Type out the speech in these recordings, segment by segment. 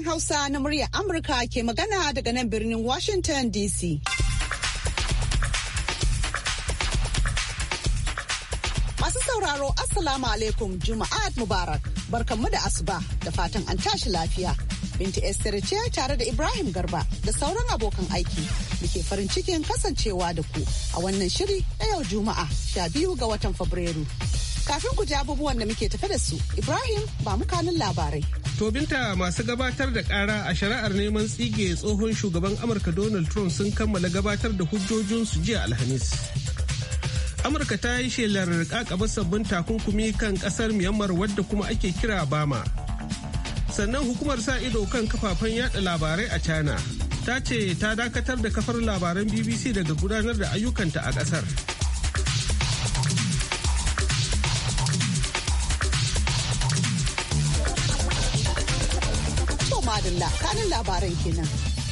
sashen Hausa na muryar Amurka ke magana daga nan birnin Washington DC. Masu sauraro Assalamu alaikum Juma'at Mubarak barkanmu da asuba da fatan an tashi lafiya. Binta Esther ce tare da Ibrahim Garba da sauran abokan aiki da ke farin cikin kasancewa da ku a wannan shiri na yau Juma'a sha biyu ga watan Fabrairu. Kafin ku ji abubuwan da muke tafe da su, Ibrahim ba mu kanin labarai. Tobinta masu gabatar da kara a shari'ar neman tsige tsohon shugaban Amurka Donald Trump sun kammala gabatar da hujjojinsu jiya Alhamis. Amurka ta yi shelar kakaba sabbin takunkumi kan kasar Myanmar wadda kuma ake kira Bama. Sannan hukumar sa ido kan kafafen yada labarai a China ta ce ta dakatar da kafar labaran BBC daga gudanar da ayyukanta a kasar. kanin labaran kenan.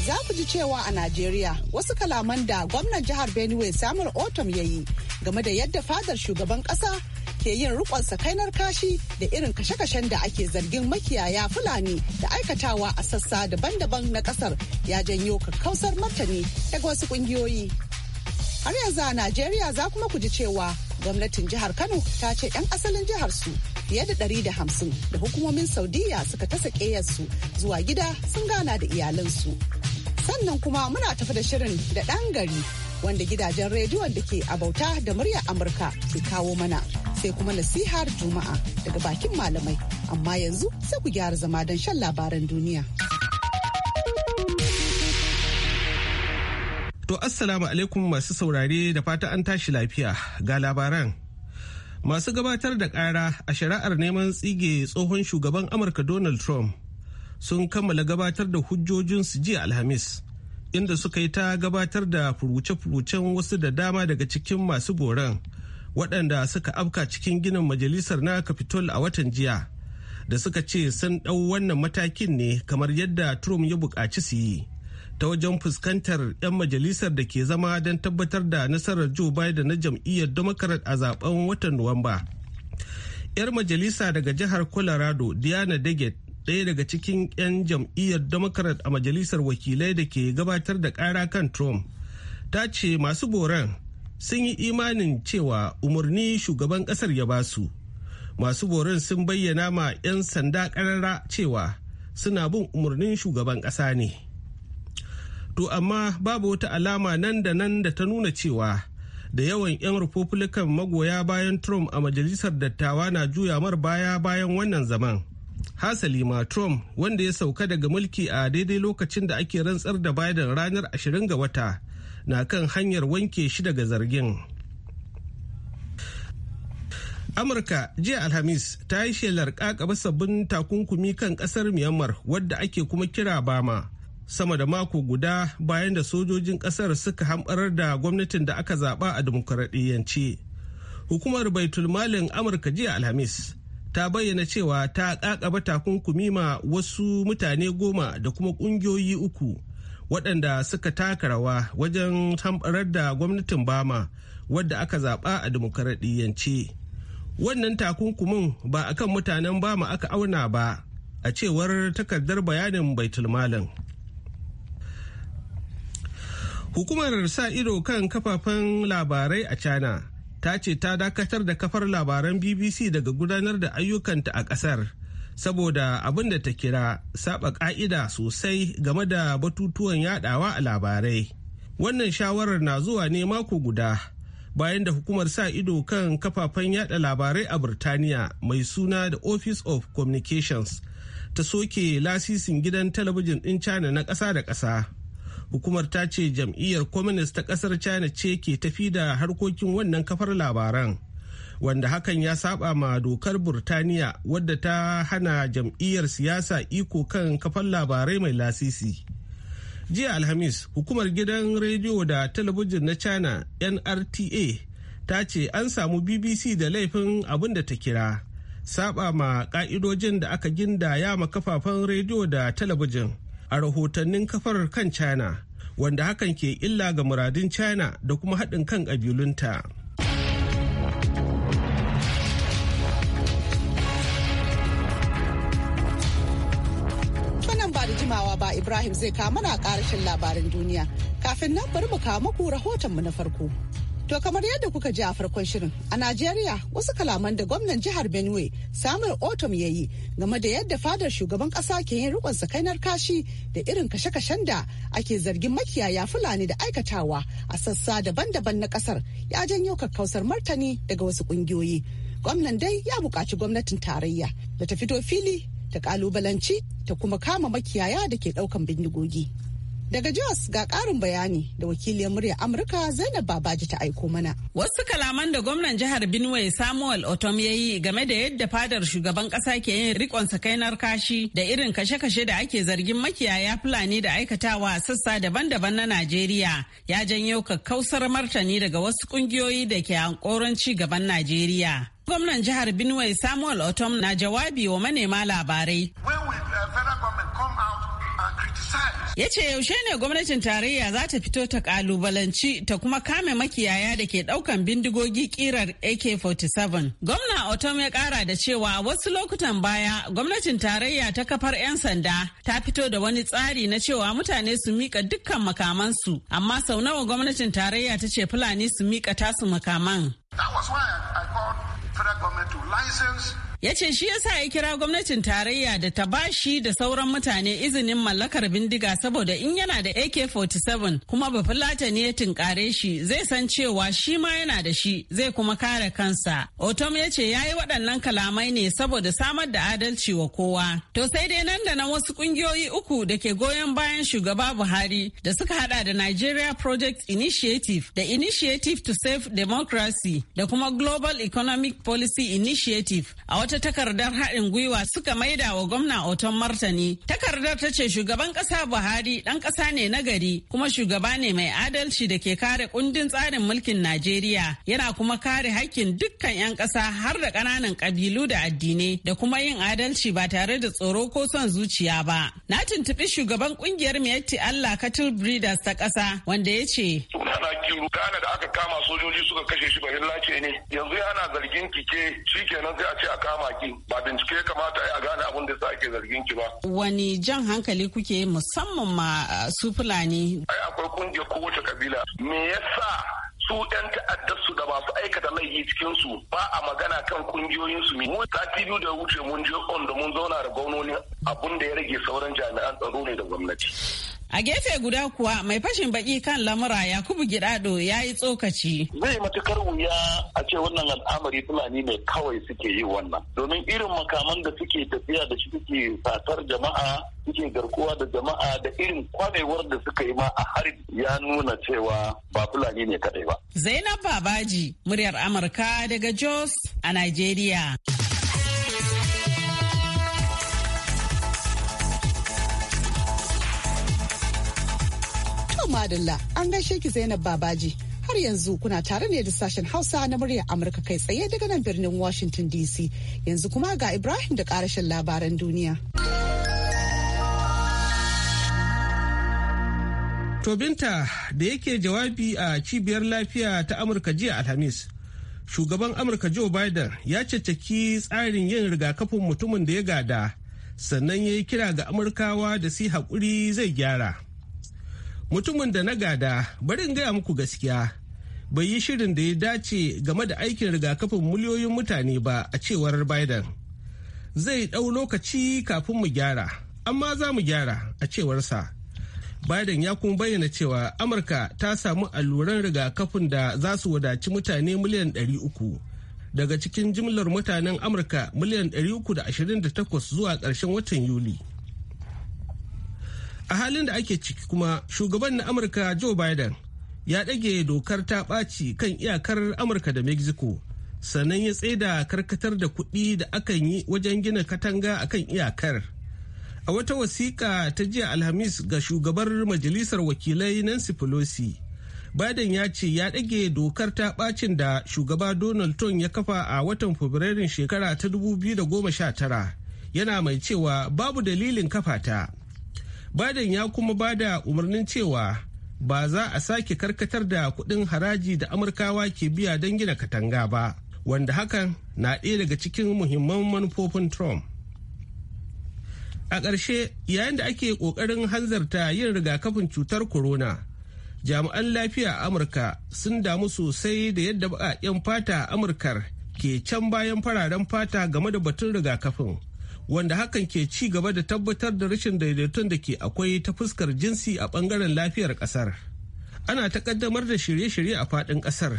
Za ku ji cewa a Najeriya wasu kalaman da gwamnan jihar Benue Samuel Otom ya yi game da yadda fadar shugaban ƙasa ke yin rikon sakainar kashi da irin kashe-kashen da ake zargin makiyaya fulani da aikatawa a sassa daban-daban na kasar ya janyo kakkausar martani daga wasu kungiyoyi. Har yanzu a Najeriya za kuma ku ji cewa gwamnatin jihar Kano ta ce 'yan asalin jihar su fiye da 150 da hukumomin saudiya suka tasa keyarsu zuwa gida sun gana da iyalansu sannan kuma muna tafi da shirin da ɗan gari wanda gidajen rediyon da ke abauta da muryar amurka ke kawo mana sai kuma nasihar juma'a daga bakin malamai amma yanzu sai ku gyara zama don shan labaran duniya to assalamu alaikum masu saurare da fata an tashi lafiya ga labaran masu gabatar da ƙara a shari'ar neman tsige tsohon shugaban amurka donald trump sun kammala gabatar da hujjojinsu jiya alhamis inda suka yi ta gabatar da furuce-furucen wasu da dama daga cikin masu boran waɗanda suka afka cikin ginin majalisar na capitol a watan jiya da suka ce sun ɗau wannan matakin ne kamar yadda trump ya buƙaci su yi ta wajen fuskantar 'yan majalisar da ke zama don tabbatar da nasarar Joe Biden na jam'iyyar Democrat a zaben watan Nuwamba. 'Yar majalisa daga jihar Colorado, Diana Degget, ɗaya daga cikin 'yan jam'iyyar Democrat a majalisar wakilai da ke gabatar da ƙara kan Trump, ta ce masu boran sun yi imanin cewa umarni shugaban ƙasar ya basu. Masu boran sun bayyana ma 'yan sanda ƙarara cewa suna bin umarnin shugaban ƙasa ne. to amma babu wata alama nan da nan da ta nuna cewa da yawan 'yan republican magoya bayan trump a majalisar dattawa na juya mar baya bayan wannan zaman hasali ma trump wanda ya sauka daga mulki a daidai lokacin da ake rantsar da biden ranar 20 ga wata na kan hanyar wanke shi daga zargin amurka jiya alhamis ta yi shelar kakaba sabbin takunkumi kan kasar myanmar wadda ake kuma kira bama sama da mako guda bayan da sojojin kasar suka hamɓarar da gwamnatin da aka zaɓa a dimokuraɗiyyance Hukumar Baitulmalin Amurka jiya Alhamis ta bayyana cewa ta ƙaƙaba takunkumi ma wasu mutane goma da kuma ƙungiyoyi uku waɗanda suka taka rawa wajen hamɓarar da gwamnatin Bama wadda aka zaɓa a dimokuraɗiyyance Wannan takunkumin ba akan mutanen Bama aka auna ba a cewar takardar bayanin Baitulmalin. Hukumar sa ido kan kafafen labarai a China ta ce ta dakatar da kafar labaran BBC daga gudanar da ayyukanta a ƙasar saboda abin da ta kira saba ka'ida sosai game da batutuwan yadawa a labarai. Wannan shawarar na zuwa ne mako guda. bayan da hukumar sa ido kan kafafen yada labarai a Birtaniya mai suna da Office of Communications ta soke lasisin gidan talabijin din China na kasa da kasa. Hukumar ta ce jam'iyyar Communist ta ƙasar China ce ke tafi da harkokin wannan kafar labaran. Wanda hakan ya saba ma dokar Burtaniya wadda ta hana jam'iyyar siyasa iko kan kafar labarai mai lasisi. jiya alhamis hukumar gidan rediyo da talabijin na china nrta ta ce an samu bbc da laifin abin da ta kira saba ma ka'idojin da aka gindaya ma kafafen rediyo da talabijin a rahotannin kafar kan China, wanda hakan ke illa ga muradin China da kuma haɗin kan ƙabilunta. Tunan ba da jimawa ba Ibrahim zai kama na ƙarashin labarin duniya. Kafin nan bari mu kawo muku rahotonmu na farko. To kamar yadda kuka ji a farkon shirin a Najeriya wasu kalaman da gwamnan jihar Benue Samuel Otom ya yi game da yadda fadar shugaban kasa ke yin rikon sakainar kashi da irin kashe-kashen da ake zargin makiyaya Fulani da aikatawa a sassa daban-daban na kasar ya janyo kakkausar martani daga wasu kungiyoyi. Gwamnan dai ya buƙaci gwamnatin tarayya da ta fito fili ta kalubalanci ta kuma kama makiyaya da ke ɗaukan bindigogi. Daga Jos ga ƙarin bayani da wakiliyar murya Amurka Zainab Babaji ta aiko mana. Wasu kalaman da gwamnan jihar Benue Samuel Otom ya yi game da yadda fadar shugaban ƙasa ke yin rikon sakainar kashi da irin kashe-kashe da ake zargin makiyaya Fulani da aikatawa sassa daban-daban na Najeriya ya janyo kakkausar martani daga wasu ƙungiyoyi da ke hankoron ci gaban Najeriya. Gwamnan jihar Benue Samuel Otom na jawabi wa manema labarai. Ya ce yaushe ne gwamnatin tarayya za ta fito ta kalubalanci ta kuma kame makiyaya da ke daukan bindigogi kirar AK-47. Gwamna Otom ya kara da cewa wasu lokutan baya gwamnatin tarayya ta kafar 'yan sanda ta fito da wani tsari na cewa mutane su mika dukkan makamansu amma sau nawa gwamnatin tarayya ta ce Fulani su mika tasu makaman. Ya ce shi yasa ya kira gwamnatin tarayya da ta bashi da sauran mutane izinin mallakar bindiga saboda in yana da AK-47 kuma bafulata ne ya tunkare shi zai san cewa shi ma yana da shi zai kuma kare kansa. Otom ya ce ya yi waɗannan kalamai ne saboda samar da adalci wa kowa. To sai dai nan da nan wasu ƙungiyoyi uku da ke goyon bayan shugaba Buhari da suka hada da Nigeria Project Initiative da Initiative to Save Democracy da kuma Global Economic Policy Initiative a wata takardar haɗin gwiwa suka maida wa gwamna Oton Martani. Takardar ta ce shugaban ƙasa Buhari ɗan ƙasa ne na gari kuma shugaba ne mai adalci da ke kare kundin tsarin mulkin Najeriya yana kuma kare haƙƙin dukkan 'yan ƙasa har da ƙananan ƙabilu da addinai da kuma yin adalci ba tare da tsoro ko son zuciya ba. Na tuntuɓi shugaban ƙungiyar Miyatti Allah Cattle Breeders ta ƙasa wanda ya ce. kana da aka kama sojoji suka kashe shi bayan lace ne yanzu yana zargin ki ke shikenan zai a ce a kama ki ba bincike ya kamata a gane abin da sa ake zargin ki ba wani jan hankali kuke musamman ma su fulani ai akwai kungiyar kowace kabila me yasa su 'yan ta'addar su da masu aikata laifi cikin su ba a magana kan kungiyoyin su mu sati biyu da wuce mun je on da mun zauna da gwamnoni abun da ya rage sauran jami'an tsaro ne da gwamnati A gefe guda kuwa mai fashin baki kan lamura Yakubu Gidado ya yi tsokaci. Zai matukar wuya a ce wannan al'amari Fulani ne kawai suke yi wannan. Domin irin makaman da suke tafiya da shi suke satar jama'a suke garkuwa da jama'a da irin kwanewar da suka yi ma a harin ya nuna cewa ba Fulani ne kadai ba. Zainab Babaji, muryar Amurka daga Jos a Najeriya. madalla an gaishe ki Zainab Babaji. Har yanzu kuna tare ne da sashen Hausa na muryar Amurka kai tsaye daga nan birnin Washington DC. Yanzu kuma ga Ibrahim da karashin labaran duniya. To binta da yake jawabi a cibiyar lafiya ta Amurka jiya Alhamis. Shugaban Amurka Joe Biden ya caccaki tsarin yin rigakafin mutumin da ya gada sannan ya yi kira ga Amurkawa da su haƙuri zai gyara. mutumin da na gada bari in gaya muku gaskiya bai yi shirin da ya dace game da aikin rigakafin miliyoyin mutane ba a cewar biden zai ɗau lokaci kafin mu gyara amma za mu gyara a cewarsa biden ya kuma bayyana cewa amurka ta samu alluran rigakafin da za su wadaci mutane miliyan 300 daga cikin jimlar mutanen amurka miliyan 328 zuwa ƙarshen watan yuli a halin da ake ciki kuma shugaban na amurka joe biden ya ɗage dokar ta ɓaci kan iyakar amurka da mexico sannan ya tsaida karkatar da kuɗi da akan yi wajen gina katanga akan iyakar a wata wasiƙa ta jiya alhamis ga shugabar majalisar wakilai nancy pelosi biden ya ce ya ɗage dokar ta ɓacin da shugaba donald trump ya kafa a watan fabrairun shekara ta 2019 yana mai cewa babu dalilin kafa ta Biden ya kuma ba da umarnin cewa ba za a sake karkatar da kuɗin haraji da Amurkawa ke biya don gina katanga ba, wanda hakan na ɗaya daga cikin muhimman manufofin Trump. A ƙarshe, yayin da ake ƙoƙarin hanzarta yin rigakafin cutar corona, jami'an lafiya a Amurka sun damu sosai da yadda baƙaƙen fata Amurkar ke can bayan fararen fata game da batun rigakafin. wanda hakan ke ci gaba da tabbatar da rashin daidaiton da ke akwai ta fuskar jinsi a bangaren lafiyar kasar ana ta kaddamar da shirye-shirye a fadin kasar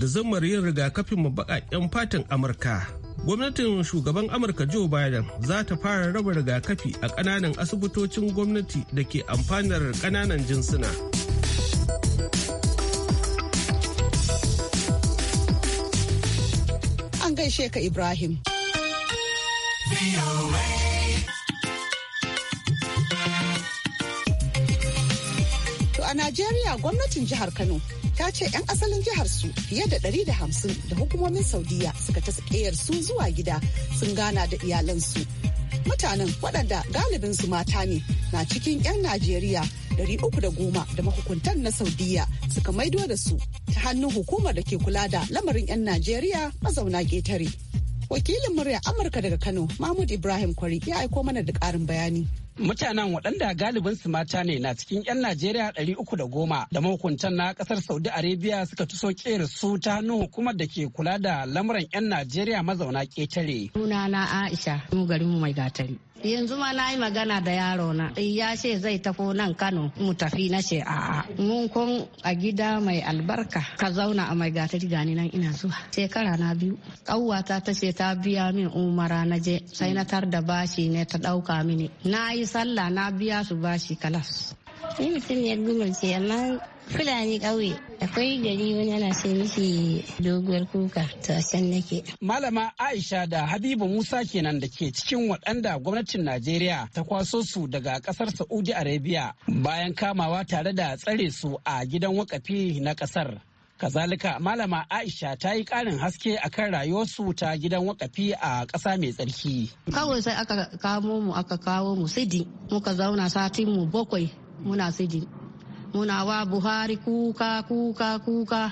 da zammar yin rigakafin baƙaƙen fatan amurka gwamnatin shugaban amurka joe biden za ta fara raba rigakafi a ƙananan asibitocin gwamnati da ke amfanar ƙananan jinsuna. an gaishe ka Ibrahim. To a Najeriya gwamnatin jihar Kano ta ce 'yan asalin jihar su fiye da 150 da hukumomin Saudiya suka ta su zuwa gida sun gana da iyalansu. Mutanen waɗanda galibinsu mata ne na cikin 'yan Najeriya 310 da mahukuntan na Saudiya suka maido da su ta hannun hukumar da ke kula da lamarin 'yan Najeriya mazauna getare. Wakilin murya Amurka daga Kano, Mahmud Ibrahim Kwari, ya aiko mana da karin bayani. Mutanen waɗanda galibin su mata ne na cikin 'yan Najeriya ɗari uku da goma da mahukuntan na ƙasar Saudi Arabia suka tuso ƙera su ta hannun hukumar da ke kula da lamuran 'yan Najeriya mazauna ƙetare. Sunana Aisha, mu garinmu mai gatari. yanzu ma na yi magana da yaro na eh, ya ce zai tafi nan kano mu tafi na ce a'a mun kun a gida mai albarka ka zauna a mai gatari gani nan ina zuwa shekara na biyu ƙauwata ta ce ta biya min umara na je sai na tar da bashi ne ta ɗauka mini na yi sallah na biya su bashi kalas ni mutum ya ce amma Fulani ƙauye. Akwai gari wani ana sai miki doguwar kuka to nake. Malama Aisha da Habibu Musa kenan da ke cikin waɗanda gwamnatin Najeriya ta kwaso su daga ƙasar Saudi Arabia bayan kamawa tare da tsare su a gidan wakafi na ƙasar. kazalika malama aisha ta yi ƙarin haske a kan rayuwarsu ta gidan wakafi a ƙasa mai tsarki kawai sai aka kamo mu aka kawo mu sidi muka zauna satin mu bakwai muna sidi muna wa buhari kuka kuka kuka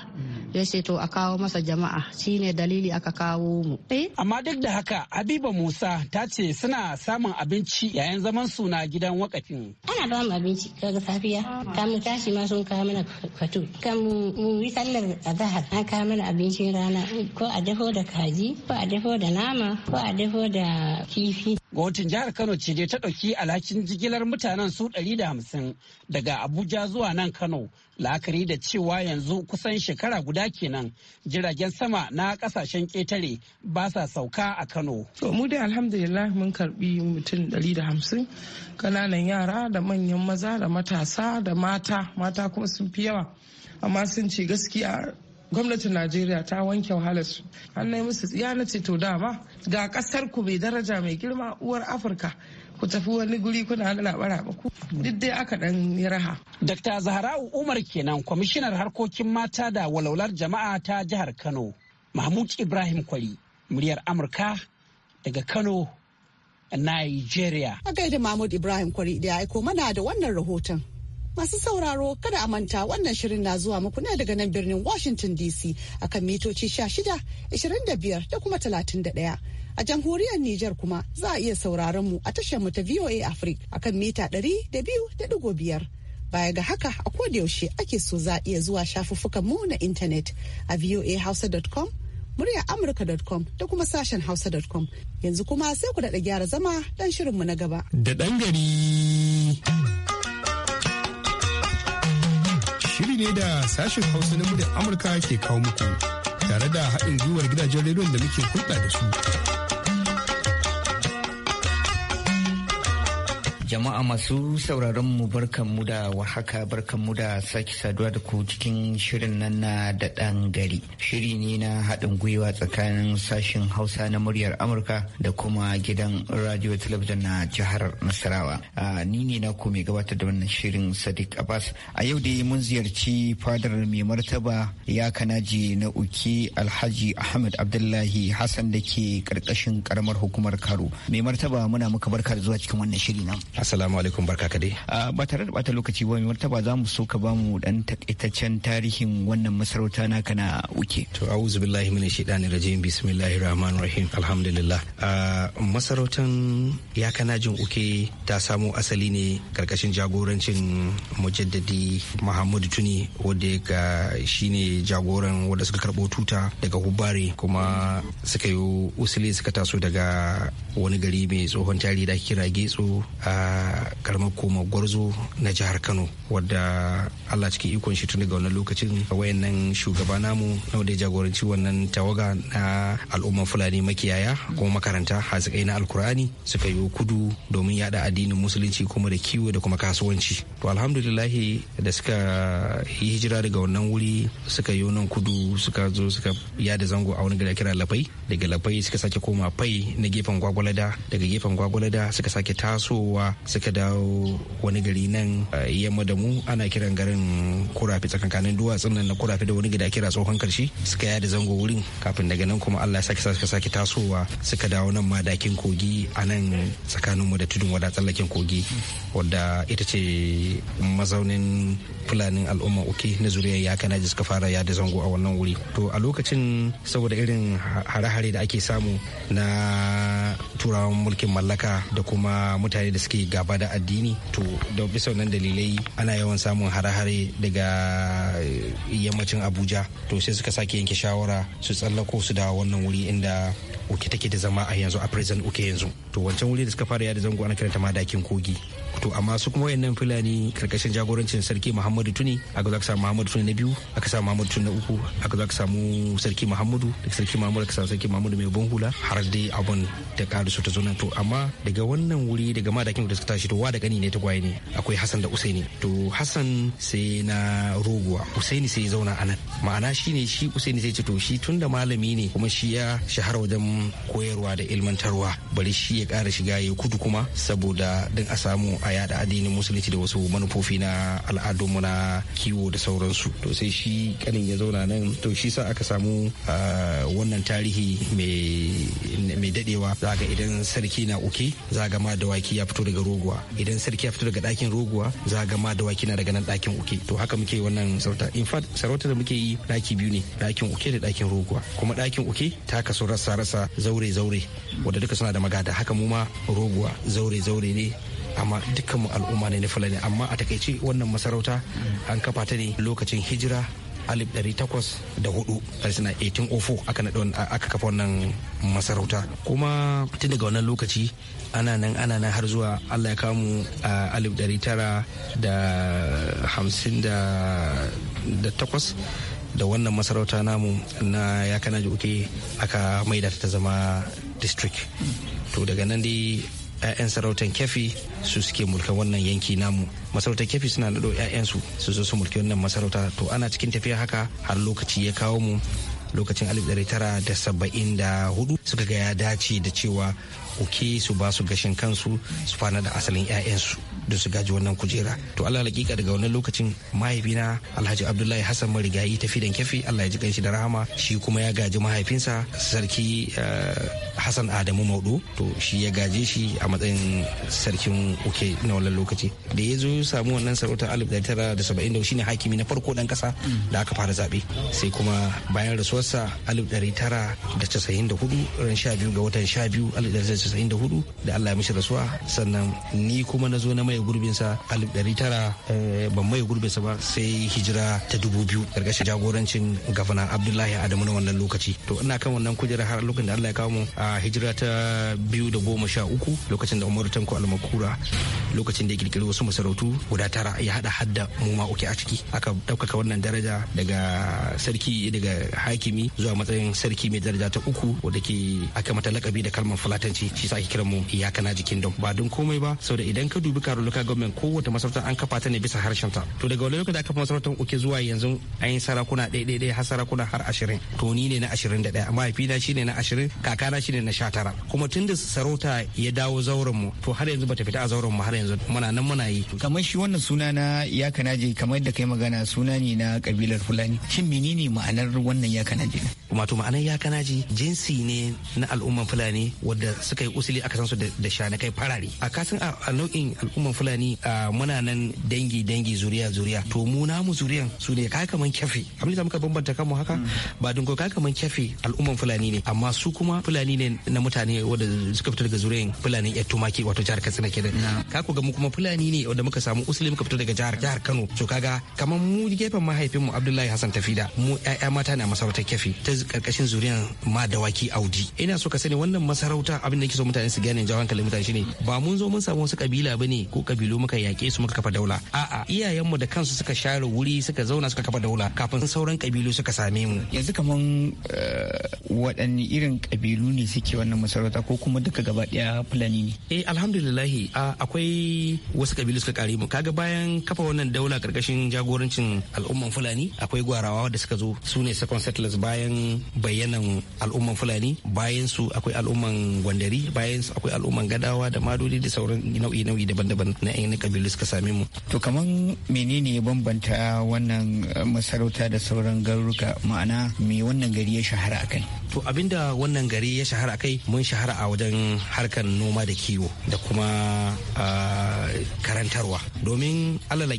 ya ce to a kawo masa jama'a shine dalili aka kawo mu eh, amma duk da haka habiba musa ta ce suna samun abinci yayin zaman su na gidan wakafin ana ba mu abinci daga safiya kamu tashi ma sun kawo mana fatu Kamu mu yi sallar azahar an kawo mana abincin rana ko a dafo da kaji ko a dafo da nama ko a dafo da kifi gwamnatin jihar kano ce dai ta ɗauki alhakin jigilar mutanen su ɗari da hamsin daga abuja zuwa nan kano la'akari da cewa yanzu kusan shekara guda kenan jiragen sama na kasashen ƙetare ba sa sauka a kano to mu dai alhamdulillah mun karbi mutum da hamsin kananan yara da manyan maza da matasa da mata mata kuma sun fi yawa amma sun ce gaskiya gwamnatin najeriya ta wanke wahalar su an musu tsiya na ce to dama ga kasar ku bai daraja mai girma uwar afirka ku tafi wani guri kuna labara ba ku duk dai aka dan yi raha. Dr. Zahra'u Umar kenan kwamishinar harkokin mata da walwalar jama'a ta jihar Kano. Mahmud Ibrahim Kwari, muryar Amurka daga Kano, Nigeria. A gaida Mahmud Ibrahim Kwari da ya aiko mana da wannan rahoton. Masu sauraro kada a manta wannan shirin na zuwa muku ne daga nan birnin Washington DC akan mitoci 16, 25 da kuma 31. A jamhuriyar Nijar kuma za a iya sauraron mu a tashar mu ta VOA Africa akan mita ɗari da da biyu ɗigo 200.5. Baya ga haka a yaushe ake so za a iya zuwa shafuffukan mu na intanet a voahausa.com muryar amurka.com da kuma sashen hausa.com yanzu kuma sai ku daɗa gyara zama ɗan mu na gaba. Da ɗan gari. ne da sashen hausa na da amurka ke kawo muku tare da haɗin gwiwar gidajen rediyon da muke hulɗa da su Jama'a masu sauraron mu mu da warhaka mu da sake saduwa da ku cikin shirin nan na da ɗan gari. Shiri ne na haɗin gwiwa tsakanin sashin Hausa na muryar Amurka da kuma gidan radio talabijin na jihar Nasarawa. Ni ne na mai gabatar da wannan shirin Sadiq Abbas. A yau dai mun ziyarci fadar mai martaba ya kanaji na uki Alhaji Ahmad Abdullahi Hassan da ke ƙarƙashin ƙaramar hukumar Karo. Mai martaba muna muka barka da zuwa cikin wannan shiri nan. Assalamu alaikum barka ka dai. Ah, ba tare da bata lokaci ba mai ba za mu so ka ba mu dan takaitaccen tarihin wannan masarauta na kana uke. To a'udhu billahi minash shaitani rajim bismillahir rahmanir rahim alhamdulillah. Ah, masarautan ya kana jin uke ta samo asali ne karkashin jagorancin mujaddadi Muhammadu Tuni wanda ga shine jagoran wanda suka karbo tuta daga Hubare kuma suka yi usule suka taso daga wani gari mai tsohon tarihi da kira Getso a ah, karamar koma gwarzo na jihar kano wadda allah cikin ikon shi tun daga wannan lokacin wayannan shugaba namu na wadda ya jagoranci wannan tawaga na al'umman fulani makiyaya kuma makaranta hasikai na alkurani suka yi kudu domin yada addinin musulunci kuma da kiwo da kuma kasuwanci to alhamdulillahi da suka yi hijira daga wannan wuri suka yi nan kudu suka zo suka yada zango a wani gari kira lafai daga lafai suka sake koma fai na gefen gwagwalada daga gefen gwagwalada suka sake tasowa suka dawo wani gari nan yamma da mu ana kiran garin kurafi tsakankanin duwatsun nan na kurafi da wani gida kira tsohon karshe suka yada zango wurin kafin daga nan kuma Allah ya sake suka sake tasowa suka dawo nan ma kogi a nan tsakanin mu da tudun wada tsallaken kogi wadda ita ce mazaunin fulanin al'umma uke na zuriyar yaka naji suka fara yada zango a wannan wuri to a lokacin saboda irin hare-hare da ake samu na turawan mulkin mallaka da kuma mutane da suke gaba da addini to da bisa wannan dalilai ana yawan samun hare-hare daga eh, yammacin abuja to sai suka sake yanke shawara su tsallako su da wannan wuri inda uke take da zama a yanzu a present uke yanzu to wancan wuri da suka fara yada zango ana kiranta ma dakin kogi to amma su kuma wayannan fulani karkashin jagorancin sarki muhammadu tuni aka zaka samu muhammadu tuni na biyu aka samu muhammadu tuni na uku aka zaka samu sarki muhammadu da sarki muhammadu aka samu sarki muhammadu mai ban hula har dai abun da karu su ta zo nan to amma daga wannan wuri daga madakin da suka tashi to wa da gani ne ta gwaye ne akwai hassan da usaini to hassan sai na roguwa usaini sai ya zauna a nan ma'ana shine shi usaini sai ce to shi tun da malami ne kuma shi ya shahara wajen koyarwa da ilmantarwa bari shi ya kara shiga ya kudu kuma saboda din a samu a yada addinin musulunci da wasu manufofi na al'adunmu na kiwo da sauransu to sai shi kanin ya zauna nan to shi sa aka samu wannan tarihi mai dadewa ga idan sarki na uke ga ma dawaki ya fito daga roguwa idan sarki ya fito daga dakin roguwa za ga ma dawaki na daga nan dakin uke to haka muke wannan sarauta in fact sarauta da muke yi daki biyu ne dakin uke da dakin roguwa kuma dakin uke ta kaso rasa rasa zaure zaure wanda duka suna da magada haka mu ma roguwa zaure zaure ne amma dukkanmu al'umma ne na fulani amma a takaice wannan masarauta an kafa ta ne lokacin hijira 1804 suna 1804 aka kafa wannan masarauta kuma tun daga wannan lokaci ana nan ana nan har zuwa Allah ya kamu a 1958 da wannan masarauta namu na ya kana uke aka maida ta zama district to daga nan dai 'ya'yan sarautan kefi su suke mulkan wannan yanki namu masarautar kefi suna naɗo 'ya'yansu su zo su mulki wannan masarauta to ana cikin tafiya haka har lokaci ya kawo mu lokacin 1974 suka ga ya dace da cewa koke su ba su gashin kansu su fana da asalin 'ya'yansu da su gaji wannan kujera to allah hakika daga wannan lokacin mahaifina alhaji abdullahi hassan marigayi ta fidan kyafi allah ya ji kanshi da rahama shi kuma ya gaji mahaifinsa sarki eh, hassan adamu maudu to shi ya gaje shi a matsayin sarkin uke na wannan lokaci da ya zo samu wannan sarauta alif da tara da saba'in da shine hakimi na farko dan kasa da aka fara zaɓe sai kuma bayan rasuwarsa alif da tara da casa'in da hudu ran sha biyu ga watan sha biyu alif 1994 da Allah ya mishi rasuwa sannan ni kuma na zo na maye ɗari 1900 eh, ban maye sa ba sai hijira ta 2000 Gargashin jagorancin gavana Abdullahi Adamu na wannan lokaci to ina kan wannan kujera har lokacin da Allah ya kawo mu a hijira ta uku lokacin da Umaru Tanko Almakura lokacin da ya kirkiri wasu masarautu guda tara ya hada hadda mu ma uke a ciki aka ɗaukaka wannan daraja daga sarki daga hakimi zuwa matsayin sarki mai daraja ta uku wadda ke aka mata lakabi da kalmar fulatanci shi sa ake kiran mu iyaka na jikin don ba don komai ba saboda idan ka dubi karuluka gwamnati kowace masarauta an kafa ta ne bisa harshen ta to daga wani lokacin da aka kafa masarautar uke zuwa yanzu an yi sarakuna ɗaya ɗaya ɗaya har sarakuna har ashirin to ni ne na ashirin da ɗaya mahaifina shi ne na ashirin kakana shi ne na sha tara kuma tun da sarauta ya dawo zauren mu to har yanzu bata fita a zauren mu har yanzu muna nan muna yi kamar shi wannan suna na iyaka naje kamar da kai magana suna ne na kabilar fulani shin menene ma'anar wannan iyaka kuma wato ma'anar iyaka naje jinsi ne na al'umman fulani wadda suka aka yi usuli aka san su da shanakai farare a kasan a nau'in al'umman fulani a muna nan dangi dangi zuriya zuriya to mu namu zuriyan su ne kai kaman kyafe amma da muka bambanta kanmu haka ba dinko kai kaman kyafe al'umman fulani ne amma su kuma fulani ne na mutane wanda suka fito daga zuriyan fulani ya tumaki wato jihar katsina kenan ka ku ga mu kuma fulani ne wanda muka samu usuli muka fito daga jihar jihar kano to kaga kaman mu gefen mahaifin mu abdullahi hassan tafida mu ƴaƴa mata na masarautar kyafe ta karkashin zuriyan ma dawaki audi ina so ka sani wannan masarauta abin nake so mutane su gane jawo hankalin mutane shine ba mun zo mun samu wasu kabila bane ko kabilu muka yaƙe su muka kafa daula a'a iyayenmu da kansu suka share wuri suka zauna suka kafa daula kafin sauran kabilu suka same mu yanzu kaman eh, waɗanne irin kabilu ne suke wannan masarauta ko kuma duka gaba ɗaya fulani ne eh alhamdulillah akwai wasu kabilu suka kare mu kaga bayan kafa wannan daula karkashin jagorancin al'umman fulani akwai gwarawa da suka zo su ne second settlers bayan bayanan al'umman fulani bayan su akwai al'umman gwandari bayansu bayan su akwai al'umman gadawa da madodi da sauran nau'i-nau'i daban-daban na yan kabilu suka same mu. To kaman menene ya bambanta wannan eh, masarauta da sauran garuruka ma'ana me wannan gari ya shahara a kai. To abinda wannan gari ya shahara a kai mun shahara a wajen harkar noma da kiwo da kuma ah, karantarwa domin alal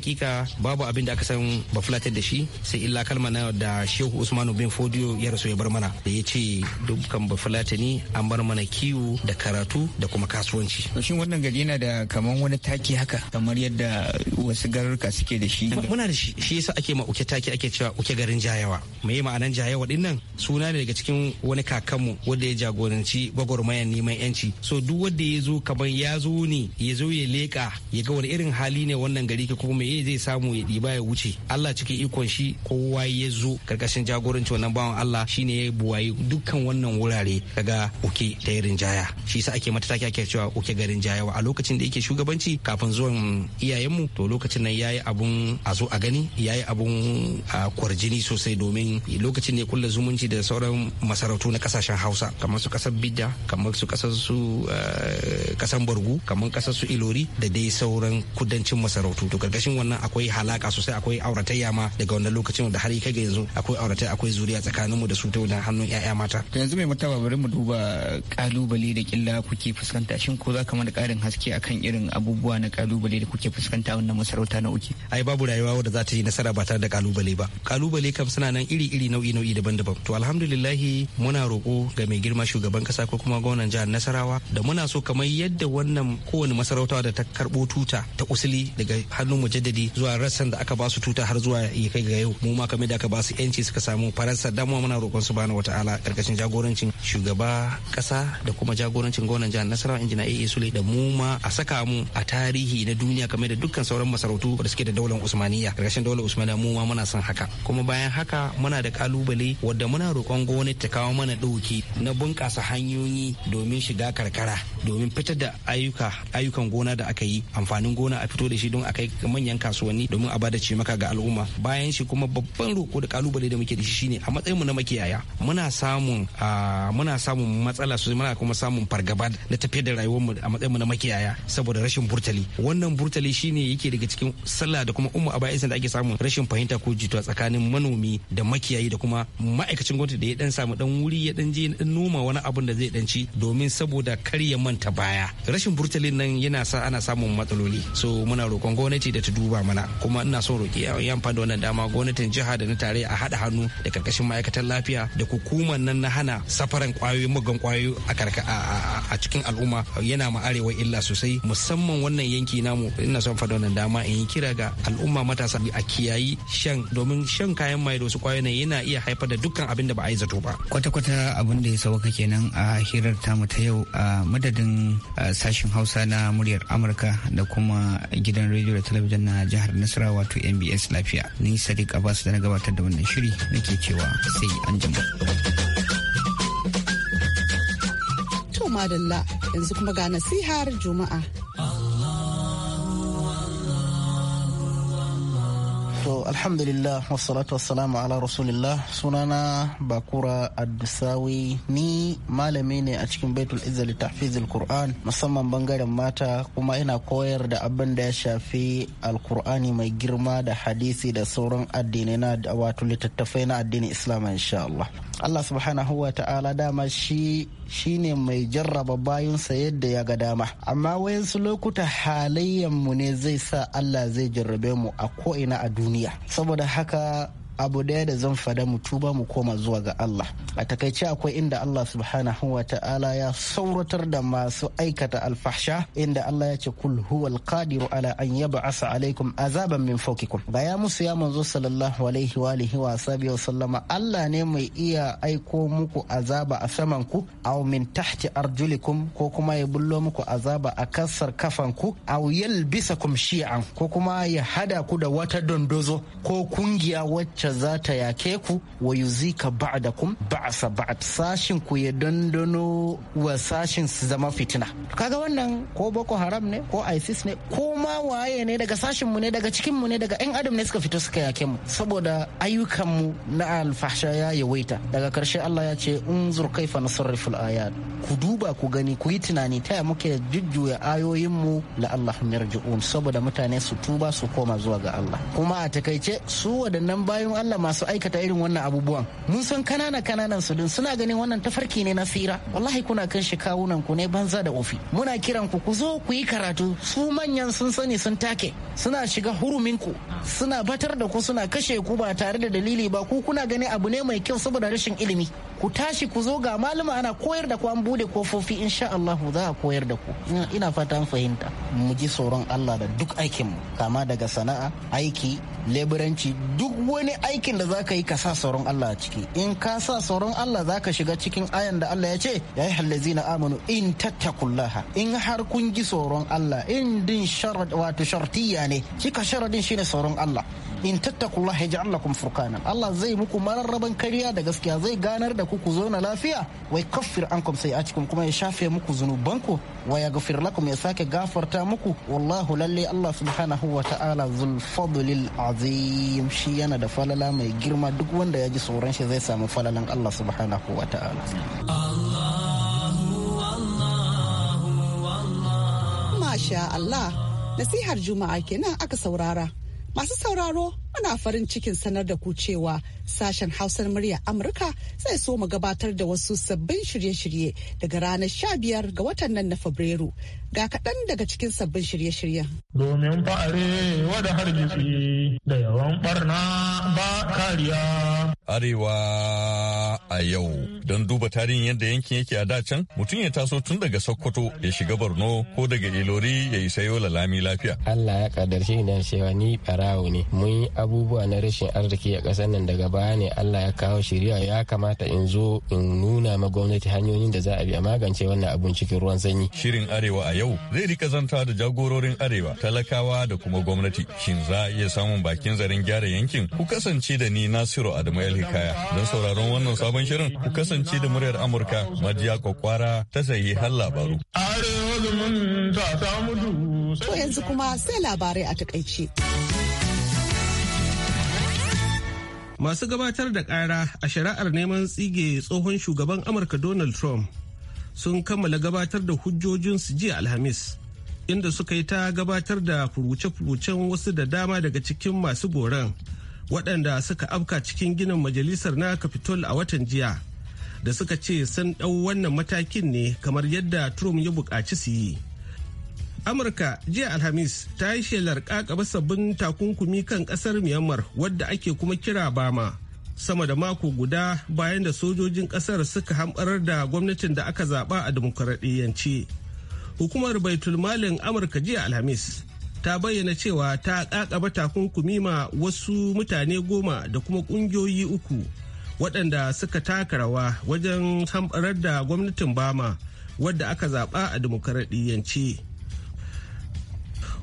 babu abin da aka san ba fulatar da shi sai illa kalma na da shehu usmanu bin fodiyo ya rasu ya bar mana da ya ce dukkan ba ni an bar mana kiwo da karatu da kuma kasuwanci. Shin wannan gari yana da kamar wani taki haka kamar yadda wasu garuruka suke da shi. Muna da shi shi yasa ake ma uke taki ake cewa uke garin Jayawa. Me ma'anan Jayawa din nan suna ne daga cikin wani kakanmu wanda ya jagoranci gwagwarmayar neman yanci. So duk wanda ya zo kamar ya zo ne ya zo ya leka ya ga wani irin hali ne wannan gari ke kuma me zai samu ya ɗiba ya wuce. Allah cikin ikon shi kowa ya zo karkashin jagoranci wannan bawan Allah shine ya buwaye dukkan wannan wurare daga uke ta irin jaya. shi sa ake mata take ake cewa oke garin jayawa a lokacin da yake shugabanci kafin zuwan iyayenmu to lokacin nan yayi abun a zo a gani yayi abun a kwarjini sosai domin lokacin ne kulla zumunci da sauran masarautu na kasashen hausa kamar su kasar bidda kamar su kasar su eh, kasar bargu kamar kasar su ilori da dai sauran kudancin masarautu to karkashin wannan akwai halaka sosai akwai auratayya ma daga wannan lokacin da har kai yanzu akwai auratayya akwai zuriya tsakaninmu da su ta hannun 'ya'ya mata yanzu mai mutaba bari mu duba kalubale da illa kuke fuskanta shin ko za ka mana karin haske akan irin abubuwa na kalubale da kuke fuskanta wannan masarauta na uke ai babu rayuwa wadda za ta yi nasara ba tare da kalubale ba kalubale kam suna nan iri iri nau'i nau'i daban-daban to alhamdulillahi muna roko ga mai girma shugaban kasa ko kuma gwamnan jihar Nasarawa da muna so kamar yadda wannan kowane masarauta da ta karbo tuta ta usuli daga hannun mujaddadi zuwa rassan da aka ba su tuta har zuwa ya kai ga yau mu ma kamar da aka ba su yanci suka samu faransa damuwa muna roƙon su bana ala karkashin jagorancin shugaba kasa da kuma jagorancin jagorancin gwamnan jihar Nasarawa injina AA Sule da mu ma a saka mu a tarihi na duniya kamar da dukkan sauran masarautu da suke da daular usmaniyya karkashin daular Usmaniya mu ma muna son haka kuma bayan haka muna da kalubale wadda muna roƙon gwamnati ta kawo mana ɗauki na bunƙasa hanyoyi domin shiga karkara domin fitar da ayyuka ayyukan gona da aka yi amfanin gona a fito da shi don a kai manyan kasuwanni domin a bada cimaka ga al'umma bayan shi kuma babban roƙo da kalubale da muke da shi shine a matsayin mu na makiyaya muna samun ah, muna samun matsala sosai muna kuma samun samun fargaba na tafiyar da rayuwarmu a matsayinmu na makiyaya saboda rashin burtali wannan burtali shine yake daga cikin sallah da kuma umma aba'isin da ake samun rashin fahimta ko jituwa tsakanin manomi da makiyayi da kuma ma'aikacin gwamnati da ya dan samu dan wuri ya dan je dan noma wani abun da zai dan ci domin saboda kar ya manta baya rashin burtalin nan yana sa ana samun matsaloli so muna roƙon gwamnati da ta duba mana kuma ina son roƙi yan amfani da wannan dama gwamnatin jiha da na tare a haɗa hannu da karkashin ma'aikatan lafiya da hukumar nan na hana safaran kwayoyin mugan kwayoyi a karka a cikin al'umma yana ma arewa illa sosai musamman wannan yanki namu ina son faɗa wannan dama in yi kira ga al'umma matasa a kiyayi shan domin shan kayan mai da wasu kwayoyin yana iya haifar da dukkan abin da ba a yi zato ba kwata-kwata abin da ya sauka kenan a hirar ta tamu ta yau a madadin sashen hausa na muryar amurka da kuma gidan rediyo da talabijin na jihar nasara wato mbs lafiya ni sadiq abbas da na gabatar da wannan shiri nake cewa sai an jima. madalla yanzu kuma ga nasihar juma'a. To alhamdulillah wassalatu wassalamu ala rasulillah sunana bakura addusawi ni malami ne a cikin baitul izali tafizil qur'an musamman bangaren mata kuma ina koyar da abin da ya shafi alkur'ani mai girma da hadisi da sauran addinai na wato littattafai na addinin islam insha Allah Allah subhanahu wa ta'ala dama shi shine mai jarraba bayansa yadda ya ga dama amma wayansu lokuta halayyan mu ne zai sa Allah zai jarrabe mu a ko'ina a duniya saboda haka abu daya da zan fada mu tuba mu koma zuwa ga Allah a takaice akwai inda Allah subhanahu wa ta'ala ya sauratar da masu aikata alfahsha inda Allah ya ce kul huwal qadiru ala an yab'asa alaikum azaban min fawqikum baya musu ya manzo sallallahu alaihi wa alihi wa sallama Allah ne mai iya aiko muku azaba a saman ku aw min tahti arjulikum ko kuma ya bullo muku azaba a kasar kafan ku aw yalbisakum shi'an ko kuma ya hada ku da wata dondozo ko kungiya wacce wuta za ta yake ku wa yuzika ba'dakum ba'sa ba'd sashin ku ya dandano wa sashin su zama fitina kaga wannan ko boko haram ne ko isis ne ko ma waye ne daga sashin mu ne daga cikin mu ne daga yan adam ne suka fito suka yake mu saboda ayyukanmu na alfahsha ya yawaita daga karshe Allah ya ce unzur kaifa nasarriful ayat ku duba ku gani ku yi tunani taya muke jujjuya ayoyin mu la Allah yarji'un saboda mutane su tuba su koma zuwa ga Allah kuma a takaice su wadannan bayan bayan Allah masu aikata irin wannan abubuwan mun san kanana kananan su din suna ganin wannan tafarki ne na sira wallahi kuna kan shi kawunan ku ne banza da ofi muna kiran ku ku zo ku yi karatu su manyan sun sani sun take suna shiga hurumin ku suna batar da ku suna kashe ku ba tare da dalili ba ku kuna ganin abu ne mai kyau saboda rashin ilimi ku tashi ku zo ga malama ana koyar da ku an bude kofofi insha Allah za a koyar da ku ina fata an fahimta mu ji tsoron Allah da duk aikin mu kama daga sana'a aiki leburanci duk wani aikin da zaka yi ka sa sauran Allah a ciki in ka sa sauran Allah zaka shiga cikin ayan da Allah ya ce ya yi zina amanu in tattakullaha in har kun ji sauran Allah in din wato shartiya ne kika sharadin shine sauran Allah in tattakullaha allah lakum furkana Allah zai muku mararraban kariya da gaskiya zai ganar da ku ku zo na lafiya wai kafir an sai a cikin kuma ya shafe muku zunubanku wa gafir lakum ya sake gafarta muku wallahu lalle Allah subhanahu wa ta'ala zul fadlil azim shi yana da falala mai girma duk wanda ya ji tsoron shi zai samu falalan Allah subhanahu wa ta'ala Masha Allah, nasihar Juma'a kenan aka saurara. Masu sauraro muna farin cikin sanar da ku cewa sashen hausar murya Amurka zai so mu gabatar da wasu sabbin shirye-shirye daga ranar sha biyar ga watan nan na Fabrairu. Ga kaɗan daga cikin sabbin shirye-shiryen. Domin fa'are da hargitsi da yawan barna ba kariya. Arewa a yau. Don duba tarihin yadda yankin yake a dacan, mutum ya taso tun daga Sokoto ya shiga Borno ko daga Ilori ya isa Yola lami lafiya. Allah ya kadarce idan cewa ni barawo ne. Mun yi abubuwa na rashin arziki a ƙasar nan daga baya ne Allah ya kawo shirya ya kamata in zo in nuna ma gwamnati hanyoyin da za a bi a magance wannan abun cikin ruwan sanyi. Shirin Arewa a yau zai rika zanta da jagororin Arewa, talakawa da kuma gwamnati. Shin za a iya samun bakin zarin gyara yankin? Ku kasance da ni Nasiru Adamu zai kaya. Don sauraron wannan sabon shirin ku kasance da muryar Amurka Majiya Kwakwara ta sayi har labaru. To yanzu kuma sai labarai a takaice. Masu gabatar da kara a shari'ar neman tsige tsohon shugaban Amurka Donald Trump sun kammala gabatar da hujjojinsu jiya Alhamis. inda suka yi ta gabatar da furuce-furucen wasu da dama daga cikin masu goron waɗanda suka afka cikin ginin majalisar na capitol a watan jiya da suka ce sun ɗau wannan matakin ne kamar yadda trump ya buƙaci su yi amurka jiya alhamis ta yi shelar ƙaƙaba sabbin takunkumi kan ƙasar myanmar wadda ake kuma kira bama sama da mako guda bayan da sojojin ƙasar suka hamɓarar da gwamnatin da aka zaɓa a dimokuraɗiyyance hukumar baitulmalin amurka jiya alhamis ta bayyana cewa ta kakaba takunkumi ma wasu mutane goma da kuma kungiyoyi uku waɗanda suka taka rawa wajen hamɓarar da gwamnatin bama wadda aka zaɓa a demokaradiyyance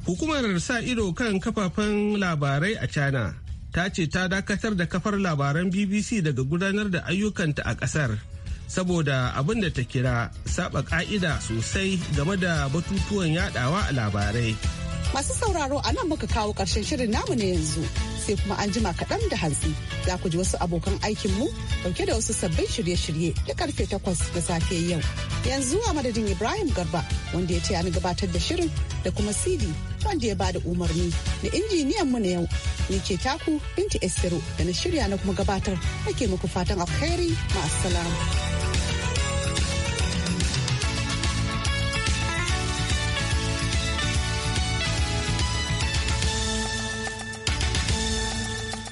hukumar sa ido kan kafafen labarai a china ta ce ta dakatar da kafar labaran bbc daga gudanar da ayyukanta a ƙasar saboda abin da ta kira saba ka'ida sosai game da batutuwan yadawa a labarai Masu sauraro a nan muka kawo ƙarshen shirin namu na yanzu sai kuma an jima kaɗan da hantsi za ku ji wasu abokan aikinmu ɗauke da wasu sabbin shirye-shirye da karfe takwas da safe yau. Yanzu a madadin Ibrahim Garba wanda ya taya ni gabatar da shirin da kuma CD wanda ya ba da umarni na injiniyan mu na yau ni ke taku Binta Estero da na shirya na kuma gabatar ake muku fatan alheri ma'assalam.